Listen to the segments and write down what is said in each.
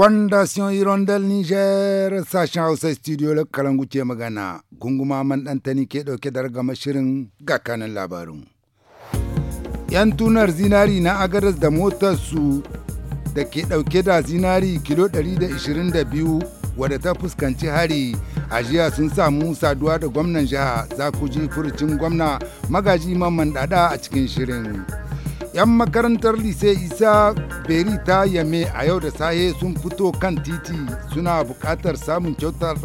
fondation hirondel niger sashen hausa studio la kalangu ce magana gunguma man ɗantani ke ɗauke da ragama shirin gakanan labarun. labarin yan tunar zinari na agadas da motarsu da ke ɗauke da zinari kilo 122 wadda ta fuskanci hari a jiya sun samu saduwa da gwamnan jiha za ku ji furucin gwamna magaji mamman dada a cikin shirin 'yan makarantar lise isa beri ta yame a yau da sahe sun fito kan titi suna buƙatar samun kyautar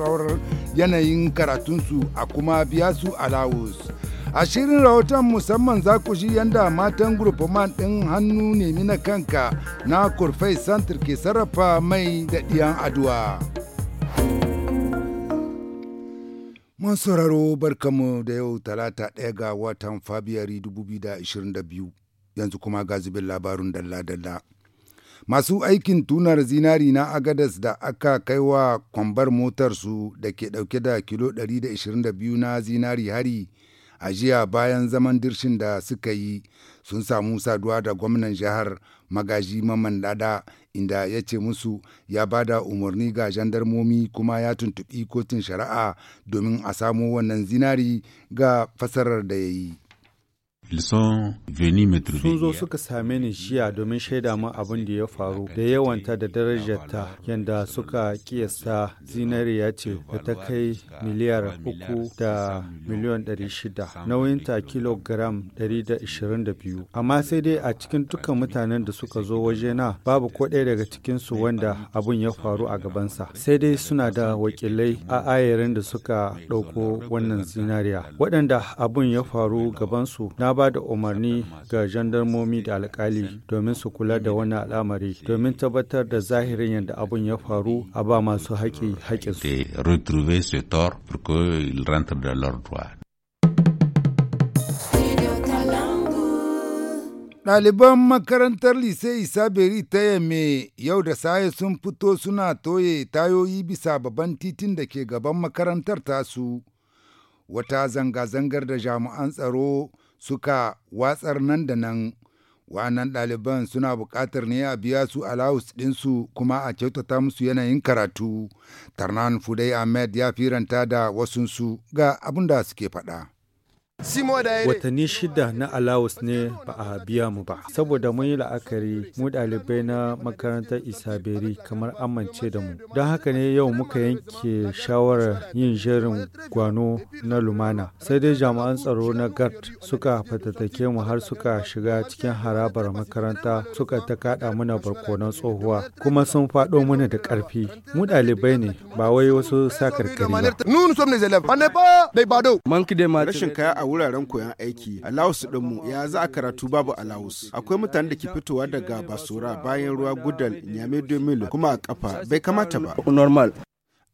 yanayin karatunsu a kuma biya su alawus a shirin rahoton musamman za ku shi yadda matan man ɗin hannu nemi na kanka na kurfai santir ke sarrafa mai da ɗiyan aduwa mun sauraro barkamu da yau talata ɗaya ga watan fabiyari 2022 yanzu kuma ga zubin labarun dalla-dalla. Masu aikin tunar zinari na Agadas da aka kai wa kwambar motarsu da ke ɗauke da kilo 122 na zinari hari a jiya bayan zaman dirshin da suka yi sun samu saduwa da gwamnan jihar magaji maman dada inda ya ce musu ya ba da umarni ga jandarmomi kuma ya tuntuɓi kotun shari'a domin a samo wannan zinari ga fasarar da ya yi. Sun zo suka same ni jiya domin shaida mu abin da ya faru da yawanta da darajarta yadda suka kiyasta zinariya ce da ta kai miliyar uku da miliyon ɗari shida nauyinta kilogram ɗari Amma sai dai a cikin dukkan mutanen da suka zo waje na babu ko ɗaya daga cikinsu wanda abin ya faru a gabansa. Sai dai suna da wakilai a ayarin da suka ɗauko wannan zinariya. Waɗanda abin ya faru gabansu na ba da umarni ga jandarmomi da alkali domin su kula da wani al'amari domin tabbatar da zahirin yadda abun ya faru a ba masu haƙi haƙin Ɗaliban makarantar Lise Isaberi ta Yamme yau da saye sun fito suna toye tayoyi bisa babban titin da ke gaban makarantar tasu. Wata zanga-zangar da jami'an tsaro suka watsar nan da nan wa'annan ɗaliban suna buƙatar ne a biya su alawus ɗinsu kuma a kyautata musu yanayin karatu tarnan fudai ahmed ya firanta da wasunsu ga abin da suke faɗa. Watanni shida na alawus ne ba a biya mu ba, saboda mun yi la'akari mu ɗalibai na makarantar Isaberi kamar amince da mu. Don haka ne yau muka yanke shawarar yin jerin gwano na lumana. Sai dai jami'an tsaro na GART suka fatattake mu har suka shiga cikin harabar makaranta suka ta kaɗa mana barkonon tsohuwa, kuma sun faɗo mana da ƙarfi. Mu ɗalibai ne, ba wai wasu sakarkari ba. a wuraren koyon aiki a laos dinmu ya za a karatu babu a laos akwai mutane da ke fitowa daga basura bayan ruwa gudal nyame 2000 kuma a kafa bai kamata ba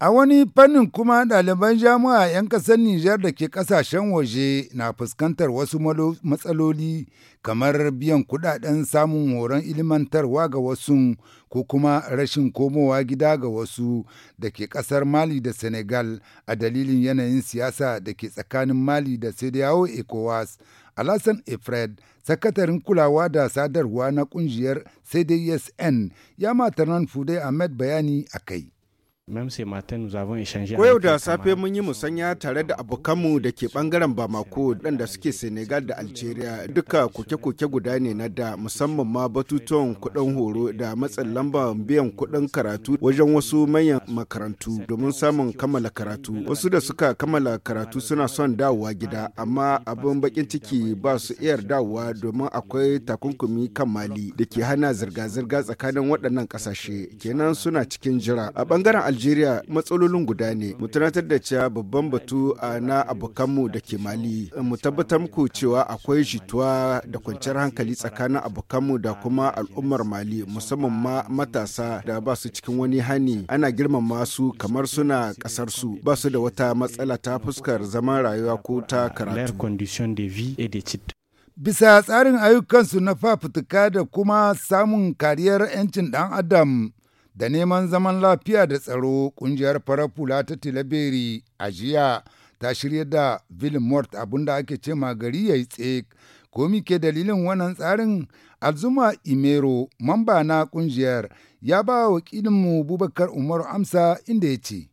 A wani fannin kuma ɗaliban jami'a 'yan ƙasar Nijar da ke ƙasashen waje na fuskantar wasu matsaloli kamar biyan kuɗaɗen samun horon ilimantarwa ga wasu ko kuma rashin komowa gida ga wasu da ke ƙasar Mali da Senegal a dalilin yanayin siyasa da ke tsakanin Mali da Sediyawo ECOWAS. Alasan Efred, sakatarin kulawa da sadarwa na ƙungiyar CDSN, ya matanan Fude Ahmed bayani a kai. Koyau da safe mun yi musanya tare da abokanmu da ke bangaren Bamako da suke Senegal da Algeria duka koke-koke guda ne na da musamman ma batutuwan kuɗin horo da matsin lamba biyan kuɗin karatu wajen wasu manyan makarantu domin samun kammala karatu. Wasu da suka kammala karatu suna son dawowa gida amma abin bakin ciki ba su iya dawowa domin akwai takunkumi kan mali da ke hana zirga-zirga tsakanin waɗannan ƙasashe kenan suna cikin jira. A bangaren Algeria matsalolin guda ne. Mu tunatar da cewa babban batu na abokanmu da ke Mali. Mu tabbatar muku cewa akwai jituwa da kwanciyar hankali tsakanin abokanmu da kuma al'ummar Mali musamman ma matasa da ba su cikin wani hani. Ana girmama su kamar suna kasar su ba su da wata matsala ta fuskar zaman rayuwa ko ta karatu. Bisa tsarin ayyukansu na fafutuka da kuma samun kariyar 'yancin ɗan Adam. da neman zaman lafiya da tsaro kungiyar farar fula ta tilaberi a jiya ta shirya da vilmort abinda ake ce gari ya yi tsek komi ke dalilin wannan tsarin alzuma imero mamba na kungiyar ya ba mu bubakar umaru amsa inda ya ce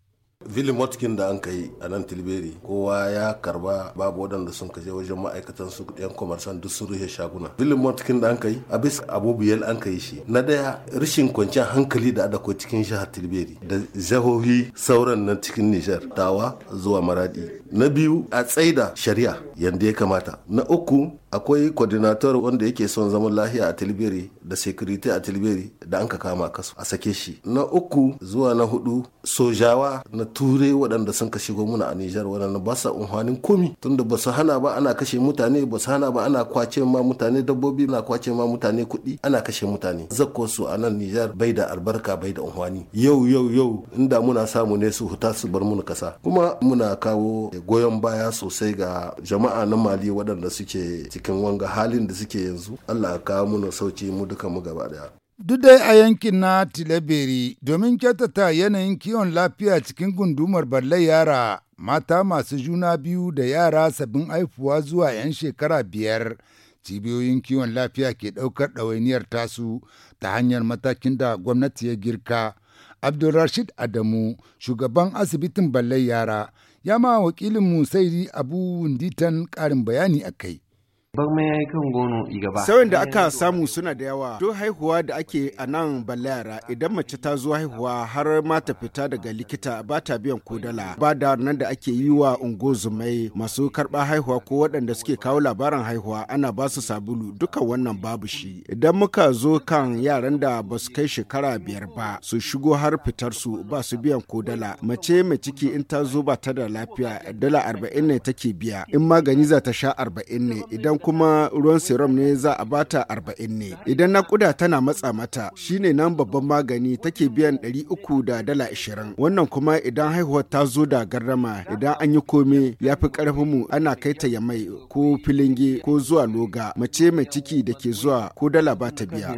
Vilin Watkin da an kai a nan Tilberi kowa ya karba babu waɗanda sun kaje wajen ma'aikatan su yan komarsan duk sun rushe shaguna. Vilin Watkin da an kai a bisa abubiyal an kai shi. Na daya rashin kwanciyar hankali da ada cikin jihar Tilberi da jihohi sauran na cikin Nijar tawa zuwa Maradi. Na biyu a tsaida shari'a yadda ya kamata. Na uku akwai coordinator wanda yake son zaman lahiya a tilbiri da security a tilbiri da an ka kama kasu a sake shi na uku zuwa na hudu sojawa na turai waɗanda sun ka shigo muna a nijar waɗanda ba sa unhwanin komi tunda ba su hana ba ana kashe mutane ba su hana ba ana kwace ma mutane dabbobi ana kwace ma mutane kuɗi ana kashe mutane zakko su a nan nijar bai da albarka bai da unhwani yau yau yau inda muna samu ne su huta su bar muna kasa kuma muna kawo goyon baya sosai ga jama'a na mali waɗanda suke cikin wanga halin da suke yanzu allah ya kawo muna sauci mu duka mu gaba daya duk dai a yankin na Tileberi domin kyautata yanayin kiwon lafiya cikin gundumar ballai yara mata masu juna biyu da yara sabbin haifuwa zuwa 'yan shekara biyar cibiyoyin kiwon lafiya ke ɗaukar ɗawainiyar tasu ta hanyar matakin da gwamnati ya girka abdulrashid adamu shugaban asibitin ballai yara ya ma wakilin musairi abu ditan ƙarin bayani a kai Barma ya yi kan gono gaba. Sauyin da aka samu suna da yawa. Duk haihuwa da ake a nan balayara idan mace ta zo haihuwa har ma ta fita daga likita ba ta biyan kodala. Ba da nan da ake yi wa ungozumai masu karɓa haihuwa ko waɗanda suke kawo labarin haihuwa ana ba su sabulu duka wannan babu shi. Idan muka zo kan yaran da ba su kai shekara biyar ba su shigo har fitar su ba su biyan kodala. Mace mai ciki in ta zo ba ta da lafiya dala arba'in ne take biya in magani za ta sha arba'in ne idan kuma ruwan serum ne za a bata arba'in ne idan naƙuda tana matsa mata shine nan babban magani take biyan ɗari uku da dala ashirin wannan kuma idan haihuwar ta zo da garrama idan an yi komai ya fi mu ana kai ta yamai ko filinge ko zuwa loga mace mai ciki da ke zuwa ko dala bata biya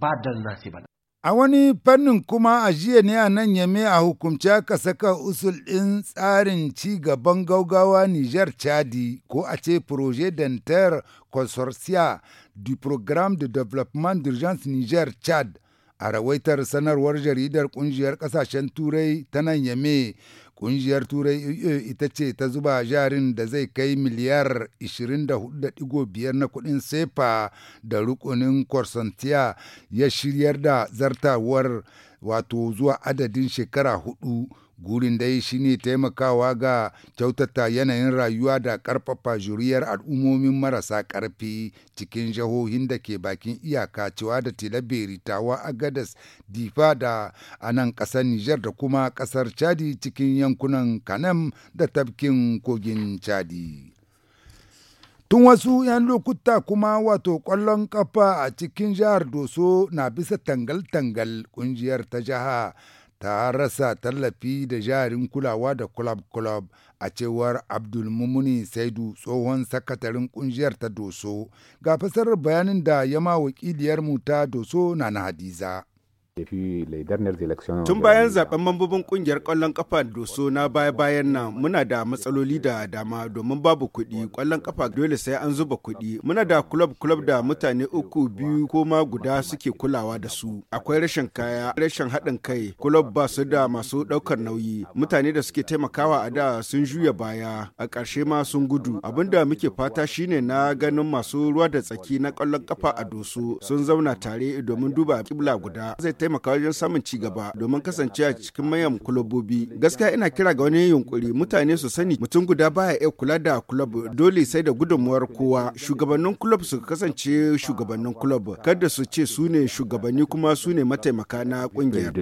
A wani fannin kuma a jiya ne a nan yame a hukumce aka saka usul ɗin tsarin ci gaban gaugawa Nijar Chadi ko a ce Projet d'Inter Consortia du Programme de Développement d'Urgence Niger Chad a rawaitar sanarwar jaridar ƙungiyar ƙasashen Turai ta nan yame Ƙungiyar Turai EU e ita ce ta zuba jarin da zai kai miliyar 24.5 na kuɗin sefa da rukunin Korsantiya ya shiryar da zartawar wato zuwa adadin shekara hudu Gurin dai shine taimakawa ga kyautata yanayin rayuwa da ƙarfafa juriyar al'ummomin marasa ƙarfi cikin jihohin da ke bakin iyaka cewa da Tilaberi, Tawa, Agadas, Difa da a nan ƙasar Nijar da kuma ƙasar Chadi cikin yankunan Kanam da tafkin kogin Chadi. tun wasu 'yan lokuta kuma wato ƙwallon kafa a cikin jihar doso na bisa tangal-tangal ƙungiyar ta jiha ta rasa tallafi da jarin kulawa da kulab-kulab a cewar mumuni saidu tsohon sakatarin kungiyar ta doso ga fasarar bayanin da ya yama wakiliyarmu ta doso na na hadiza Tun bayan zaben mambobin kungiyar kwallon kafa doso na baya-bayan nan muna da matsaloli da dama domin babu kuɗi kwallon kafa dole sai an zuba kuɗi. Muna da club-club da mutane uku biyu koma guda suke kulawa da su. Akwai rashin kaya, rashin haɗin kai, club ba su da masu ɗaukar nauyi. Mutane da suke taimakawa a da sun juya baya, a ƙarshe ma sun gudu. Abin da muke fata shine na ganin masu ruwa da tsaki na kwallon kafa a doso sun zauna tare domin duba kibla guda. taimaka wajen samun ci gaba domin kasance a cikin mayan kulobobi. Gaskiya ina kira ga wani yunkuri mutane su sani mutum guda baya iya kula da kulob dole sai da gudunmuwar kowa. Shugabannin kulob su kasance shugabannin kulob kada su ce su ne shugabanni kuma su ne mataimaka na kungiyar.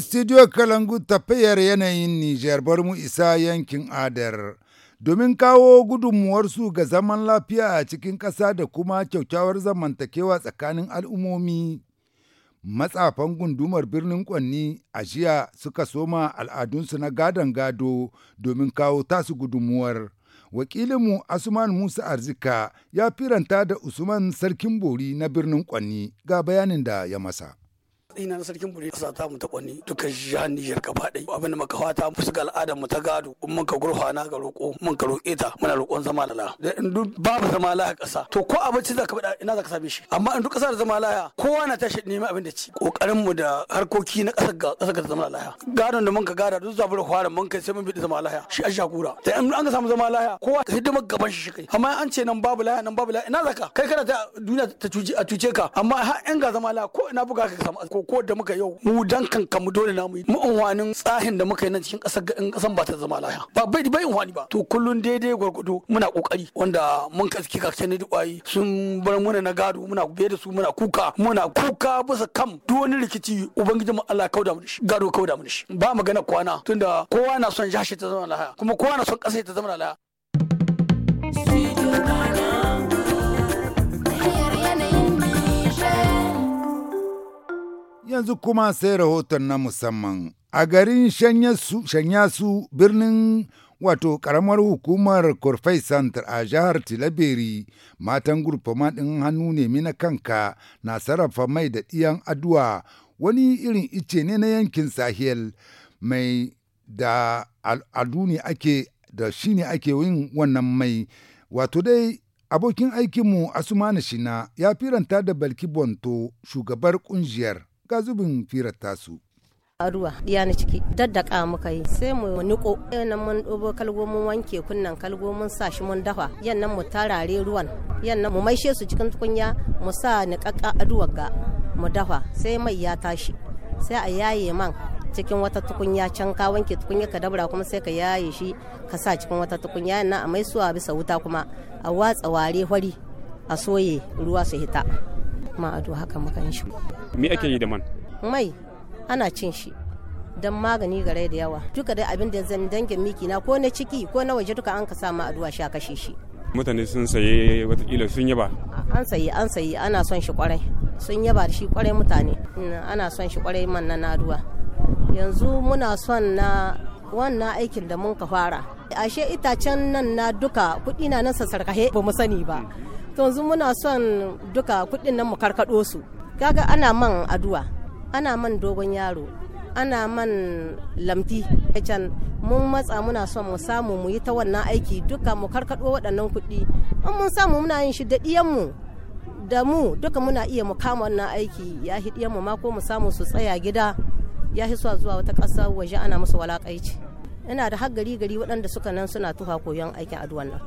studio kalangu tafiyar yanayin Nijar bar mu isa yankin adar. domin kawo gudunmuwarsu ga zaman lafiya a cikin ƙasa da kuma kyaukyawar zamantakewa tsakanin al'ummomi. Matsafan gundumar birnin Kwanni a jiya suka soma al'adunsu na gadon gado domin kawo tasu gudunmuwar. Wakilinmu Asuman Musa Arzika ya firanta da Usman Sarkin Bori na birnin Kwanni ga bayanin da ya masa. ina na sarkin buri kasa ta mu ta kwani duka jihar Nijar ka ɗaya abin da muka fata mu ga al'adar mu ta gado in muka gurfana ga roko mun ka roke ta muna roƙon zama lala da in duk babu zama laya kasa to ko abinci za ka faɗa ina zaka same shi amma in duk ƙasa da zama laya kowa na tashi neman abin da ci kokarin mu da harkoki na ƙasar ga ƙasar ta zama laya gadon da mun ka gada duk zabura fara mun kai sai mun bi zama laya shi an shakura da in an ka samu zama laya kowa hidimar gaban shi shi kai amma an ce nan babu laya nan babu laya ina zaka kai kana ta duniya ta cuce a cuce ka amma har in ga zama laya ko ina buga ka samu ko ko da muka yau mu dan kanka mu dole namu mu unwanin tsahin da muka yi nan cikin kasar kasan ba ta zama laya ba bai bai unwani ba to kullun daidai gurgudu muna kokari wanda mun kaske kakce ne duwayi sun bar muna na gado muna biye da su muna kuka muna kuka bisa kam duk wani rikici ubangiji mu Allah kauda mu shi gado kauda mu shi ba magana kwana tunda kowa na son jashi ta zama laya kuma kowa na son kasa ta zama laya Studio Ghana. Yanzu kuma sai rahoton na musamman. A garin Shanyasu birnin wato karamar hukumar kurfai Center a jihar Tilaberi matan gurfama ɗin hannu ne na kanka na sarrafa mai da ɗiyan aduwa wani irin ice ne na yankin Sahel mai da al'adu ne ake da shi ne ake yin wannan mai wato dai abokin aikinmu asumani shina ya firanta da balki bonto shugabar kungiyar ga zubin firar tasu. a ruwa ya na ciki daddaka muka yi sai mu niko nan mun dobo kalgo mun wanke kunnan kalgo mun sa shi mun dafa yannan mu tarare ruwan yannan mu maishe su cikin tukunya mu sa niƙaƙƙa aduwa ga mu dafa sai mai ya tashi sai a yaye man cikin wata tukunya can ka wanke tukunya ka dabra kuma sai ka yaye shi ka sa cikin wata tukunya yannan a mai suwa bisa wuta kuma a watsa ware hwari a soye ruwa su hita ma ado haka mukan shi me ake yi da man mai ana cin shi don magani ga rai da yawa duka dai abin da zan dangin miki na ko na ciki ko na waje duka an ka sa ma aduwa sha kashe shi mutane sun saye watakila sun yaba an sayi an sayi ana son shi kwarai sun yaba da shi kwarai mutane ana son shi kwarai man na aduwa yanzu muna son na wannan aikin da mun ka fara ashe itacen nan na duka kuɗi na nan sassarkahe ba mu sani ba to yanzu muna son duka kuɗin nan mu karkaɗo su kaga ana man addu'a ana man dogon yaro ana man lamti can mun matsa muna son mu samu mu yi ta wannan aiki duka mu karkaɗo waɗannan kuɗi in mun samu muna yin shi da ɗiyanmu da mu duka muna iya mu kama wannan aiki ya hi ɗiyanmu ma ko mu samu su tsaya gida ya hi zuwa wata ƙasa waje ana musu walaƙaici. ina da har gari gari waɗanda suka nan suna tuha koyon aikin aduwan nan.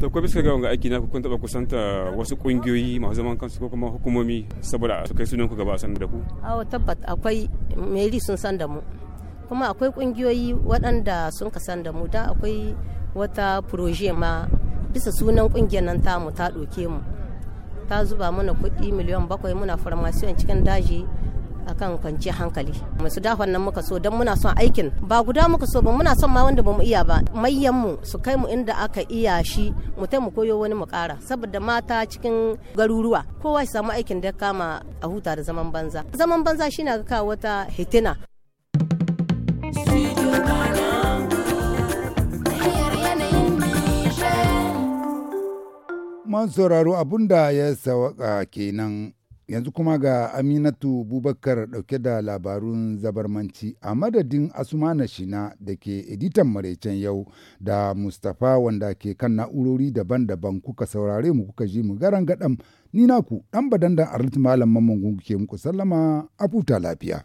to ko bisa ga wanga aiki na kun taɓa kusanta wasu ƙungiyoyi masu zaman kansu ko kuma hukumomi saboda su kai sunan ku gaba a san da ku. awo tabbat akwai meri sun san da mu kuma akwai ƙungiyoyi waɗanda sun ka san da mu da akwai wata proje ma bisa sunan ƙungiyar nan tamu ta ɗauke mu ta zuba mana kuɗi miliyan bakwai muna farmasiyon cikin daji akan kwanciyar hankali masu da nan muka so don muna son aikin ba guda muka so ba muna son ma wanda mu iya ba mayan mu su kai mu inda aka iya shi mu tai mu koyo wani mu kara saboda mata cikin garuruwa kowa ya samu aikin da kama a huta da zaman banza zaman banza shine ga kawo wata hitina man sauraro abun da ya sawaka kenan Yanzu kuma ga Aminatu Bubakar dauke da labarun zabarmanci a madadin Asumana Shina da ke editan maraicen yau da Mustapha wanda ke kan na'urori daban-daban kuka saurare mu kuka ji mu garan gaɗam ni naku ɗan badandan Arlit Malam Mamman ke muku sallama a lafiya.